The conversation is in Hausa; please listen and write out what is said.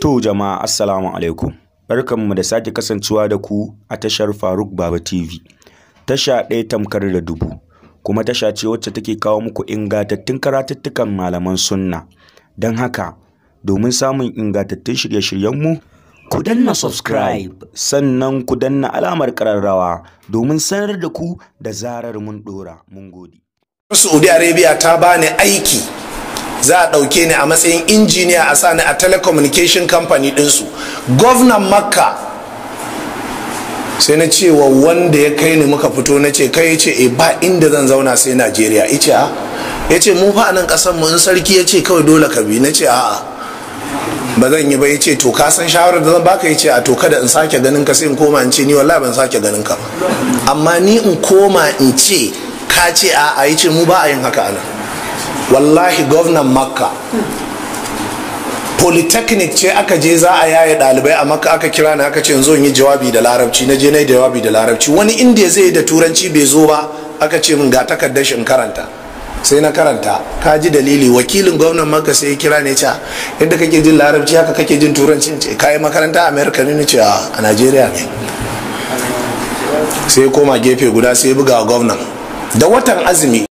To jama'a assalamu alaikum. mu da sake kasancewa da ku a tashar Faruk Baba TV. Tasha ɗaya tamkar da dubu, kuma tasha ce wacce take kawo muku ingantattun karatuttukan malaman sunna. Don haka, domin samun ingantattun shirye-shiryenmu, ku danna subscribe sannan ku danna alamar ƙararrawa, domin sanar da ku da zarar mun ɗora. Mun gode. Saudi Arabia ta bani aiki za a ɗauke ni a matsayin injiniya a sani a telecommunication company ɗinsu gwamnan makka sai na cewa wanda ya kai ni muka fito na ce kai ce e ba inda zan zauna sai najeriya ice a ah. ya ce mu fa nan ƙasar mu in sarki ya ce kawai dole ka bi na ce a'a ba zan yi ba ya ce to ka san shawarar da zan baka ya ce a to kada in sake ganin ka sai in koma in ce ni wallahi ban sake ganin ka amma ni in koma in ce ka ce a? A ya ce mu ba a yin haka anan wallahi gwamnan makka polytechnic ce aka je za a yaye dalibai a makka aka kira ni aka ce yanzu yi jawabi da larabci na je na jawabi da larabci wani inda zai yi da turanci bai zo ba aka ce min ga takardar shi karanta sai na karanta ka ji dalili wakilin gwamnan makka sai ya kira ne ce ah, yadda kake jin larabci haka kake jin turanci ce ka yi makaranta america ne ce ah, a nigeria ne sai koma gefe guda sai buga gwamnan da watan azumi